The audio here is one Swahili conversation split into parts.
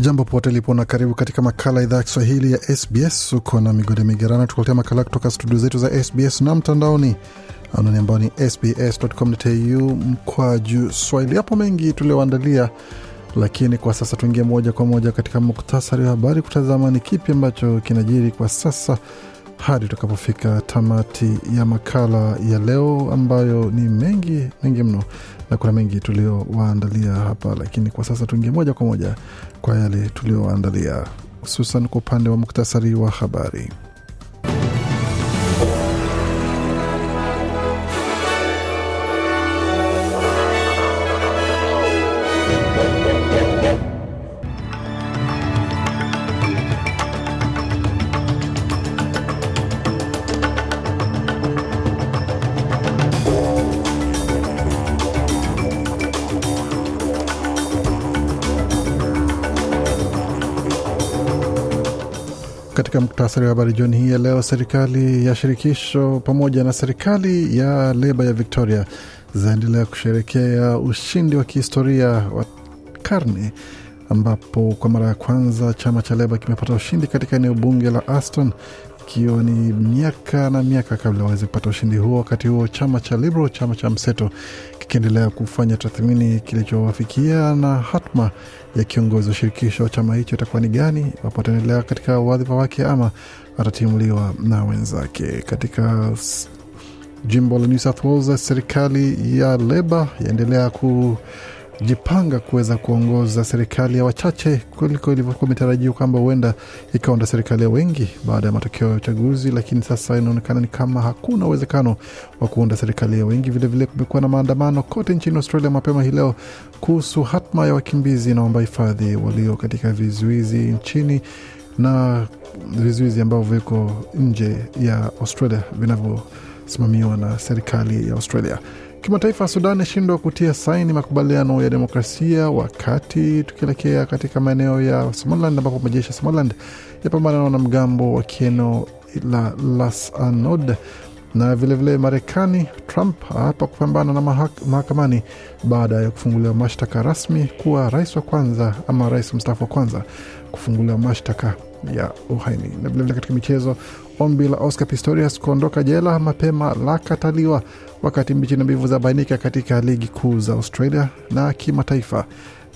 Jambo popote lipo na karibu katika makala idhaa ya Kiswahili ya SBS. Uko na migode migerano, tukuletea makala kutoka studio zetu za SBS na mtandaoni anani ambao ni sbs.com.au mkwa juu swahili. Yapo mengi tulioandalia, lakini kwa sasa tuingie moja kwa moja katika muktasari wa habari kutazama ni kipi ambacho kinajiri kwa sasa hadi tukapofika tamati ya makala ya leo ambayo ni mengi mengi mno, na kuna mengi tuliowaandalia hapa, lakini kwa sasa tuingie moja kwa moja kwa yale tulioandalia hususan kwa upande wa muktasari wa habari. Katika muktasari wa habari jioni hii ya leo, serikali ya shirikisho pamoja na serikali ya leba ya Victoria zinaendelea kusherekea ushindi wa kihistoria wa karne ambapo kwa mara ya kwanza chama cha leba kimepata ushindi katika eneo bunge la Aston ikiwa ni miaka na miaka kabla waweze kupata ushindi huo. Wakati huo chama cha Liberal, chama cha mseto kikiendelea kufanya tathmini kilichowafikia na hatma ya kiongozi wa shirikisho wa chama hicho itakuwa ni gani, iwapo ataendelea katika wadhifa wake ama atatimuliwa na wenzake. Katika jimbo la New South Wales, serikali ya Leba yaendelea ku jipanga kuweza kuongoza serikali ya wachache kuliko ilivyokuwa imetarajiwa kwamba huenda ikaunda serikali ya wengi baada ya matokeo ya uchaguzi, lakini sasa inaonekana ni kama hakuna uwezekano wa kuunda serikali ya wengi. Vilevile kumekuwa na maandamano kote nchini Australia mapema hii leo kuhusu hatma ya wakimbizi naomba hifadhi walio katika vizuizi nchini na vizuizi ambavyo viko nje ya Australia vinavyosimamiwa na serikali ya Australia. Kimataifa, Sudan yashindwa kutia saini makubaliano ya demokrasia, wakati tukielekea katika maeneo ya Somaliland ambapo majeshi ya Somaliland yapambana na wanamgambo wa kieneo la Anod na vilevile Marekani. Trump hapa kupambana na mahakamani baada ya kufunguliwa mashtaka rasmi kuwa rais wa kwanza ama rais mstaafu wa kwanza kufunguliwa mashtaka ya uhaini. Na vilevile katika michezo, ombi la Oscar Pistorius kuondoka jela mapema lakataliwa, wakati mbichi na mbivu za bainika katika ligi kuu za Australia na kimataifa.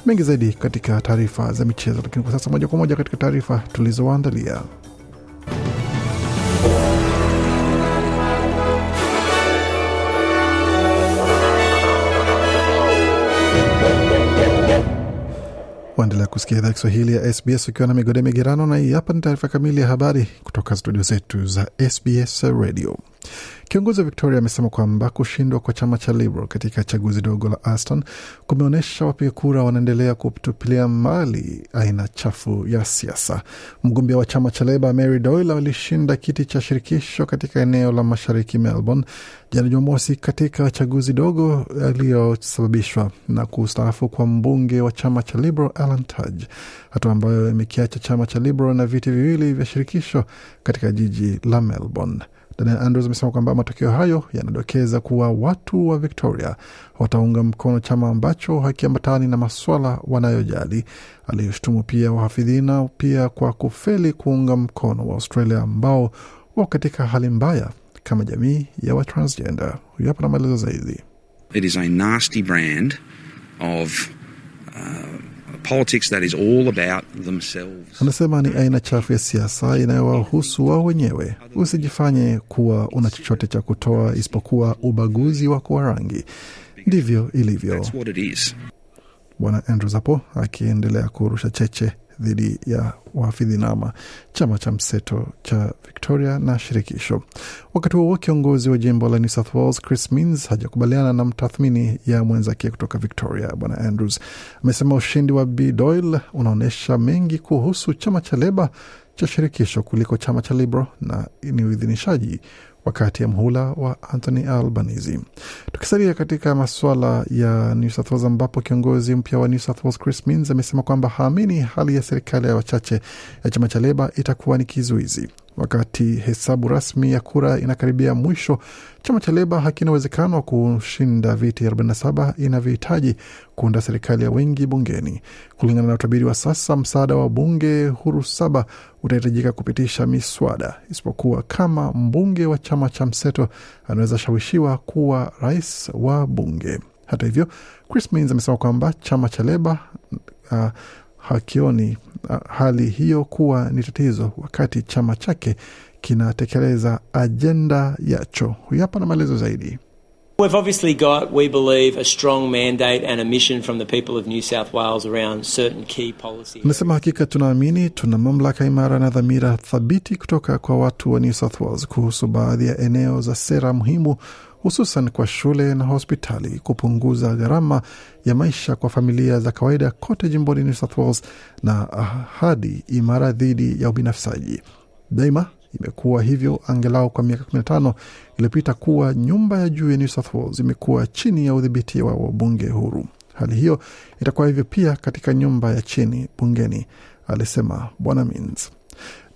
Mengi zaidi katika taarifa za michezo, lakini kwa sasa moja kwa moja katika taarifa tulizoandalia. Waendelea kusikia idhaa Kiswahili ya SBS ukiwa na migode migerano, na hii hapa ni taarifa kamili ya habari kutoka studio zetu za SBS Radio. Kiongozi wa Victoria amesema kwamba kushindwa kwa chama cha Liberal katika chaguzi dogo la Aston kumeonyesha wapiga kura wanaendelea kutupilia mbali aina chafu ya siasa. Mgombea wa chama cha Leba Mary Doyle alishinda kiti cha shirikisho katika eneo la mashariki Melbourne jana Jumamosi katika chaguzi dogo yaliyosababishwa na kustaafu kwa mbunge wa chama cha Liberal Alan Tudge, hatua ambayo imekiacha chama cha Liberal na viti viwili vya shirikisho katika jiji la Melbourne. Daniel Andrews amesema kwamba matokeo hayo yanadokeza kuwa watu wa Victoria wataunga mkono chama ambacho hakiambatani na maswala wanayojali. Aliyoshutumu pia wahafidhina pia kwa kufeli kuunga mkono wa Australia ambao wako katika hali mbaya kama jamii ya watransgender. Huyu hapa na maelezo zaidi. It is a nasty brand of, uh... Politics that is all about themselves. Anasema ni aina chafu ya siasa inayowahusu wao wenyewe. Usijifanye kuwa una chochote cha kutoa isipokuwa ubaguzi wako wa rangi. Ndivyo ilivyo. Bwana Andrews hapo akiendelea kurusha cheche dhidi ya nama chama cha mseto cha Victoria na shirikisho. Wakati huo kiongozi wa jimbo la New South Wales Chris Minns hajakubaliana na mtathmini ya mwenzake kutoka Victoria Bwana Andrews. Amesema ushindi wa B Doyle unaonyesha mengi kuhusu chama cha Leba cha shirikisho kuliko chama cha libro na ni uidhinishaji wakati ya mhula wa Anthony Albanese. Tukisalia katika masuala ya New South Wales, ambapo kiongozi mpya wa New South Wales Chris Minns amesema kwamba haamini hali ya serikali ya wachache ya chama cha Leba itakuwa ni kizuizi. Wakati hesabu rasmi ya kura inakaribia mwisho, chama cha Leba hakina uwezekano wa kushinda viti 47 inavyohitaji kuunda serikali ya wengi bungeni. Kulingana na utabiri wa sasa, msaada wa bunge huru saba utahitajika kupitisha miswada, isipokuwa kama mbunge wa chama cha mseto anaweza shawishiwa kuwa rais wa bunge. Hata hivyo, Chris Minns amesema kwamba chama cha Leba uh, hakioni Uh, hali hiyo kuwa ni tatizo wakati chama chake kinatekeleza ajenda yacho. Huyu hapa na maelezo zaidi. We've obviously got, we believe, a strong mandate and a mission from the people of New South Wales around certain key Nasema hakika tunaamini tuna mamlaka imara na dhamira thabiti kutoka kwa watu wa New South Wales kuhusu baadhi ya eneo za sera muhimu hususan kwa shule na hospitali, kupunguza gharama ya maisha kwa familia za kawaida kote jimboni New South Wales na ahadi imara dhidi ya ubinafsaji. Daima imekuwa hivyo angalau kwa miaka 15 iliyopita kuwa nyumba ya juu ya New South Wales imekuwa chini ya udhibiti wa wabunge huru. Hali hiyo itakuwa hivyo pia katika nyumba ya chini bungeni, alisema Bwana Minns.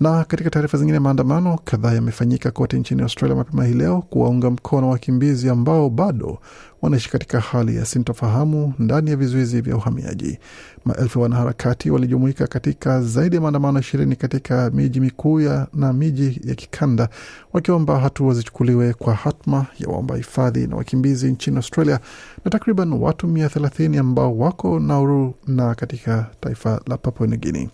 Na katika taarifa zingine, maandamano kadhaa yamefanyika kote nchini Australia mapema hii leo kuwaunga mkono wakimbizi ambao bado wanaishi katika hali ya sintofahamu ndani ya vizuizi vya uhamiaji. Maelfu ya wanaharakati walijumuika katika zaidi ya maandamano ishirini katika miji mikuu na miji ya kikanda wakiomba hatua zichukuliwe kwa hatma ya waomba hifadhi na wakimbizi nchini Australia na takriban watu mia thelathini ambao wako Nauru na katika taifa la Papua New Guinea.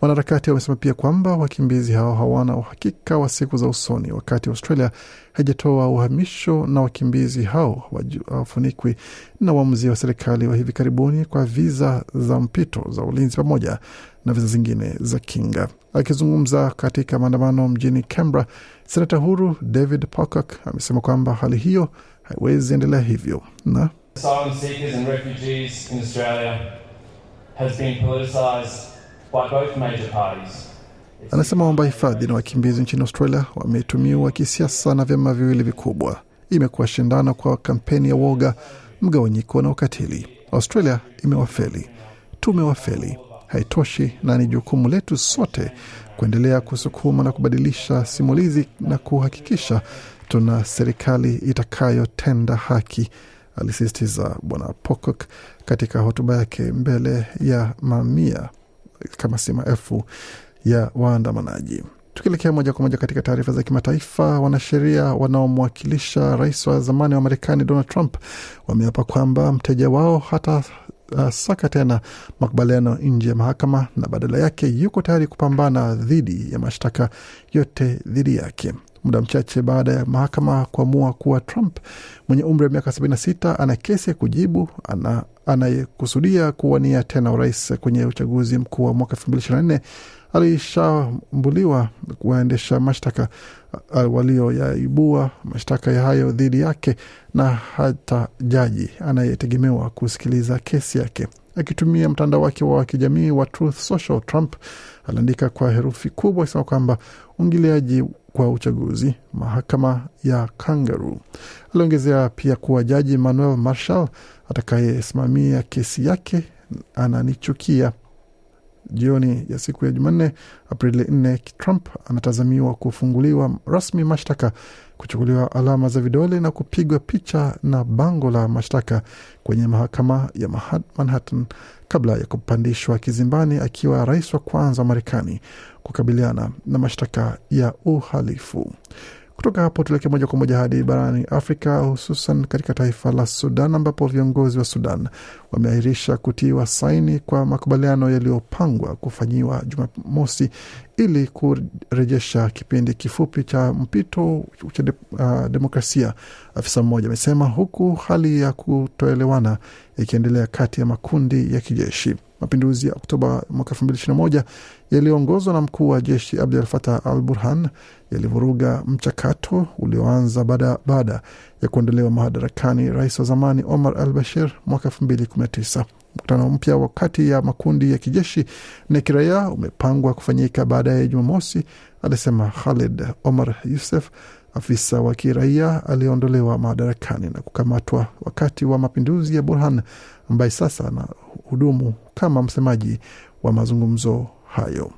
Wanaharakati wamesema pia kwamba wakimbizi hao hawana uhakika wa siku za usoni, wakati Australia haijatoa uhamisho na wakimbizi hao wajua hawafunikwi na uamuzi wa serikali wa hivi karibuni kwa viza za mpito za ulinzi pamoja na viza zingine za kinga. Akizungumza katika maandamano mjini Canberra, senata huru David Pocock amesema kwamba hali hiyo haiwezi endelea hivyo na Anasema kwamba hifadhi na wakimbizi nchini Australia wametumiwa kisiasa na vyama viwili vikubwa imekuwa shindano kwa kampeni ya woga, mgawanyiko na ukatili. Australia imewafeli, tumewafeli. Haitoshi, na ni jukumu letu sote kuendelea kusukuma na kubadilisha simulizi na kuhakikisha tuna serikali itakayotenda haki, alisisitiza Bwana Pocock katika hotuba yake mbele ya mamia kama si maelfu ya waandamanaji. Tukielekea moja kwa moja katika taarifa za kimataifa, wanasheria wanaomwakilisha rais wa zamani wa Marekani Donald Trump wameapa kwamba mteja wao hata uh, saka tena makubaliano nje ya mahakama na badala yake yuko tayari kupambana dhidi ya mashtaka yote dhidi yake muda mchache baada ya mahakama kuamua kuwa Trump mwenye umri wa miaka 76 ana kesi ya kujibu anayekusudia ana kuwania tena urais kwenye uchaguzi mkuu wa mwaka 2024 alishambuliwa waendesha mashtaka walioyaibua mashtaka ya hayo dhidi yake na hata jaji anayetegemewa kusikiliza kesi yake. Akitumia mtandao wake wa kijamii wa Truth Social, Trump aliandika kwa herufi kubwa akisema kwamba uingiliaji kwa uchaguzi mahakama ya kangaru Aliongezea pia kuwa jaji Manuel Marshall atakayesimamia kesi yake ananichukia jioni ya siku ya Jumanne, Aprili 4, Trump anatazamiwa kufunguliwa rasmi mashtaka, kuchukuliwa alama za vidole na kupigwa picha na bango la mashtaka kwenye mahakama ya Manhattan kabla ya kupandishwa kizimbani, akiwa rais wa kwanza wa Marekani kukabiliana na mashtaka ya uhalifu. Kutoka hapo tuelekee moja kwa moja hadi barani Afrika, hususan katika taifa la Sudan ambapo viongozi wa Sudan wameahirisha kutiwa saini kwa makubaliano yaliyopangwa kufanyiwa Jumamosi ili kurejesha kipindi kifupi cha mpito cha de, uh, demokrasia, afisa mmoja amesema, huku hali ya kutoelewana ikiendelea kati ya makundi ya kijeshi. Mapinduzi ya Oktoba mwaka moja yaliyoongozwa na mkuu wa jeshi abdul fatah al Burhan yalivuruga mchakato ulioanza baada ya kuondolewa madarakani rais wa zamani Omar al Bashir mwaka tisa. Mkutano mpya wa kati ya makundi ya kijeshi na kiraia umepangwa kufanyika baadaye Jumamosi, alisema Khalid Omar Yusef, afisa wa kiraia aliyeondolewa madarakani na kukamatwa wakati wa mapinduzi ya Burhan, ambaye sasa anahudumu kama msemaji wa mazungumzo hayo.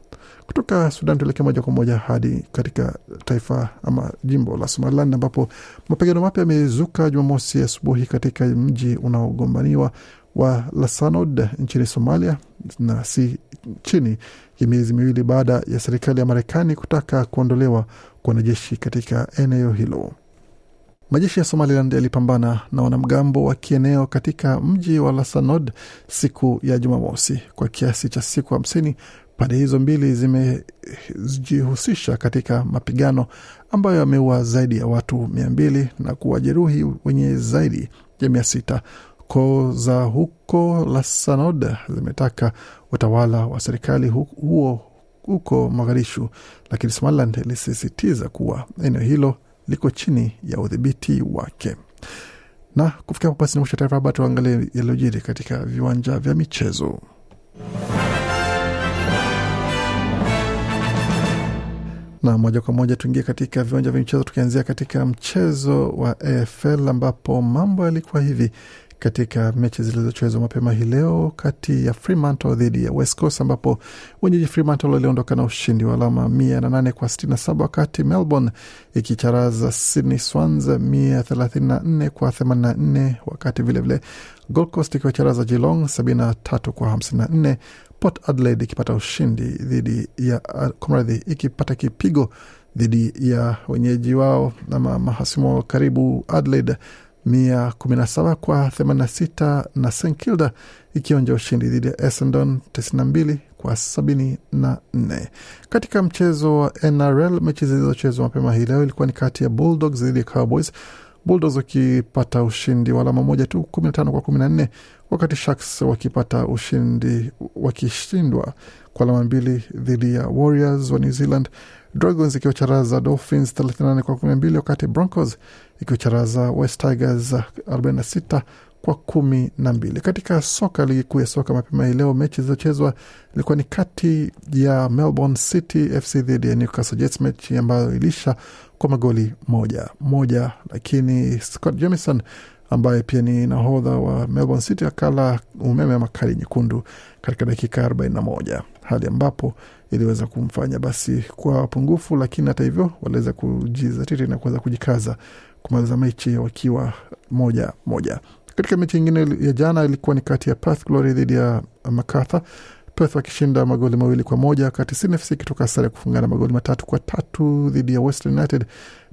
Kutoka Sudan tuelekee moja kwa moja hadi katika taifa ama jimbo la Somaliland ambapo mapigano mapya yamezuka Jumamosi asubuhi katika mji unaogombaniwa wa Lasanod nchini Somalia, na si chini ya miezi miwili baada ya serikali ya Marekani kutaka kuondolewa kwa wanajeshi katika eneo hilo. Majeshi ya Somaliland yalipambana na wanamgambo wa kieneo katika mji wa Lasanod siku ya Jumamosi kwa kiasi cha siku hamsini Pande hizo mbili zimejihusisha katika mapigano ambayo yameua zaidi ya watu mia mbili na kuwajeruhi wenye zaidi ya mia sita. Koo za huko Lasanod zimetaka utawala wa serikali huo huko Mogadishu, lakini Somaliland ilisisitiza kuwa eneo hilo liko chini ya udhibiti wake. Na kufikia hapo basi ni mwisho taarifa habari, tuangalie yaliyojiri katika viwanja vya michezo. Na moja kwa moja tuingie katika viwanja vya michezo, tukianzia katika mchezo wa AFL ambapo mambo yalikuwa hivi katika mechi zilizochezwa mapema hii leo kati ya Fremantle dhidi ya West Coast ambapo wenyeji Fremantle waliondoka na ushindi wa alama mia na nane kwa sitini na saba wakati Melbourne ikicharaza Sydney Swans mia thelathini na nne kwa themanini na nne wakati vilevile Gold Coast ikiwacharaza Geelong sabini na tatu kwa hamsini na nne Port Adelaide ikipata ushindi dhidi ya kumradhi, ikipata kipigo dhidi ya wenyeji wao ama mahasimu karibu Adelaide saba kwa 86 na St Kilda ikionja ushindi dhidi ya Essendon 92 kwa nne. Katika mchezo wa NRL, mechi zilizochezwa mapema hii leo ilikuwa ni kati ya Bulldogs dhidi ya Cowboys, Bulldogs wakipata ushindi wa alama moja tu tano kwa nne, wakati Sharks wakipata ushindi wakishindwa kwa alama mbili dhidi ya Warriors wa New Zealand Dragons ikiwacharaza Dolphins 38 kwa 12, wakati Broncos ikiwacharaza West Tigers 46 kwa kumi na mbili. Katika soka, ligi kuu ya soka mapema hii leo, mechi zilizochezwa ilikuwa ni kati ya Melbourne City FC dhidi ya Newcastle Jets, mechi ambayo ilisha kwa magoli moja moja, lakini Scott Jamieson ambaye pia ni nahodha wa Melbourne City akala umeme ama kadi nyekundu katika dakika 41 hali ambapo iliweza kumfanya basi kwa pungufu, lakini hata hivyo waliweza kujizatiti na kuweza kujikaza kumaliza mechi wakiwa moja moja. Katika mechi nyingine ya jana ilikuwa ni kati ya Perth Glory dhidi ya Macarthur, Perth wakishinda magoli mawili kwa moja, wakati Sydney FC ikitoka sare ya kufungana magoli matatu kwa tatu dhidi ya Western United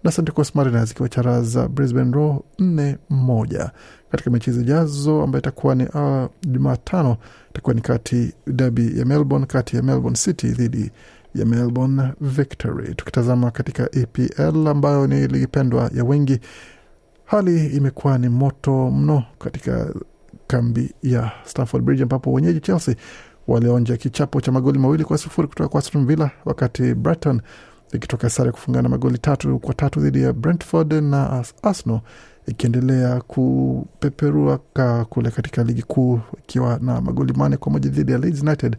na Santikos Mariners ikiwacharaza Brisbane Roar nne moja. Katika mechi zijazo ambayo itakuwa ni uh, Jumatano itakuwa ni kati dabi ya Melbourne kati ya Melbourne City dhidi ya Melbourne Victory. Tukitazama katika EPL ambayo ni ligi pendwa ya wengi, hali imekuwa ni moto mno katika kambi ya Stamford Bridge ambapo wenyeji Chelsea walionja kichapo cha magoli mawili kwa sufuri kutoka kwa Aston Villa, wakati Brighton ikitoka sare kufungana magoli tatu kwa tatu dhidi ya Brentford na Arsenal ikiendelea kupeperua kule katika ligi kuu ikiwa na magoli manne kwa moja dhidi ya Leeds United,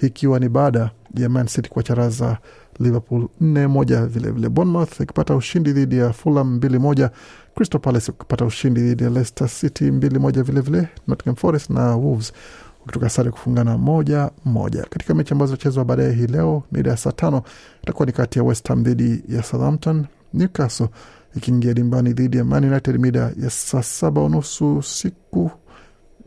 ikiwa ni baada ya Man City kwa charaza Liverpool nne moja. Vilevile Bournemouth ikipata ushindi dhidi ya Fulham mbili moja, Crystal Palace ikipata ushindi dhidi ya Leicester City mbili moja, vilevile Nottingham Forest na Wolves wakitoka sare kufungana moja moja. Katika mechi ambazo zitachezwa baadaye hii leo mida ya saa tano itakuwa ni kati ya West Ham dhidi ya Southampton, Newcastle ikiingia dimbani dhidi ya Man United mida ya saa saba unusu siku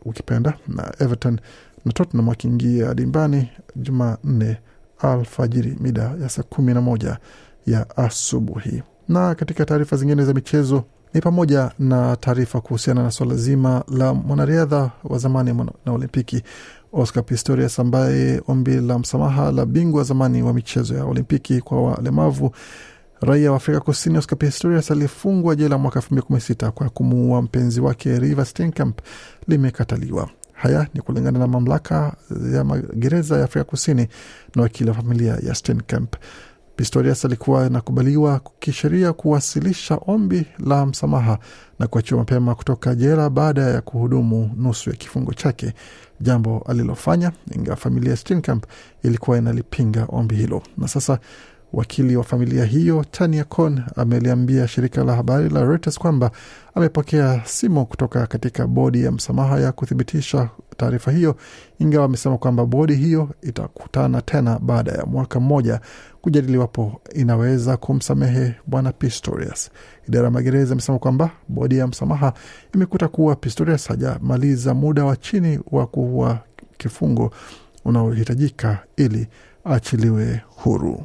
ukipenda, na Everton na Tottenham wakiingia dimbani Jumanne alfajiri mida ya saa kumi na moja ya asubuhi. Na katika taarifa zingine za michezo ni pamoja na taarifa kuhusiana na swala zima la mwanariadha wa zamani na Olimpiki Oscar Pistorius ambaye ombi la msamaha la bingwa wa zamani wa michezo ya Olimpiki kwa walemavu raia wa Afrika Kusini Oscar Pistorius aliyefungwa jela mwaka 2016 kwa kumuua mpenzi wake river Steenkamp limekataliwa. Haya ni kulingana na mamlaka ya magereza ya Afrika Kusini na wakili wa familia ya Steenkamp. Pistorius alikuwa inakubaliwa kisheria kuwasilisha ombi la msamaha na kuachiwa mapema kutoka jela baada ya kuhudumu nusu ya kifungo chake, jambo alilofanya ingawa familia Steenkamp ilikuwa inalipinga ombi hilo. Na sasa Wakili wa familia hiyo Tania Con ameliambia shirika la habari la Reuters kwamba amepokea simu kutoka katika bodi ya msamaha ya kuthibitisha taarifa hiyo, ingawa amesema kwamba bodi hiyo itakutana tena baada ya mwaka mmoja kujadili iwapo inaweza kumsamehe bwana Pistorius. Idara ya magereza imesema kwamba bodi ya msamaha imekuta kuwa Pistorius hajamaliza muda wa chini wa kuwa kifungo unaohitajika ili achiliwe huru.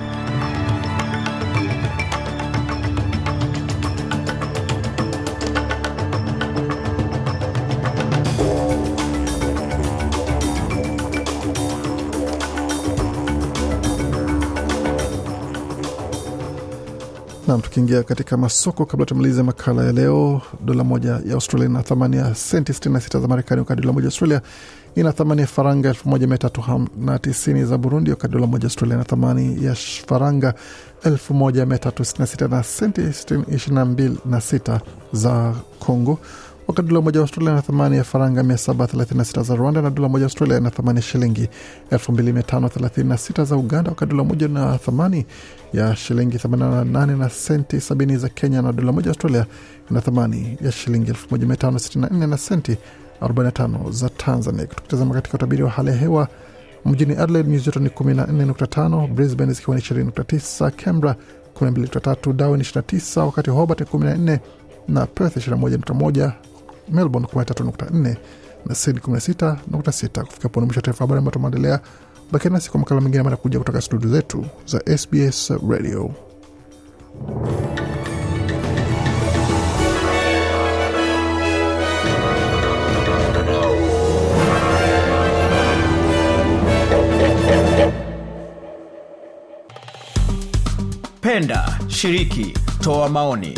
Nam, tukiingia katika masoko, kabla tumalize makala ya leo, dola moja ya Australia ina thamani ya senti 66 za Marekani, wakati dola moja Australia ina thamani ya faranga 1390 za Burundi, wakati dola moja ya Australia ina thamani ya faranga 1366 na senti 26 za Congo wakati dola moja Australia na thamani ya faranga 736 za Rwanda na dola moja Australia na thamani ya shilingi 2536 za Uganda, wakati dola moja na thamani ya shilingi 88 na senti 70 za Kenya na dola moja Australia na thamani ya shilingi 1564 na senti 45 za Tanzania. Tukitazama katika utabiri wa hali ya hewa mjini Adelaide nyuzi joto ni 14.5, Brisbane zikiwa ni 20.9, Canberra 12.3, Darwin 29, wakati Hobart 14 na Perth 21.1, Melbourne 13.4 na Sydney 16.6. Kufika hapo mwisho wa taarifa habari ambayo tumeendelea. Bakia nasi kwa makala mengine ambayo yanakuja kutoka studio zetu za SBS Radio. Penda, shiriki, toa maoni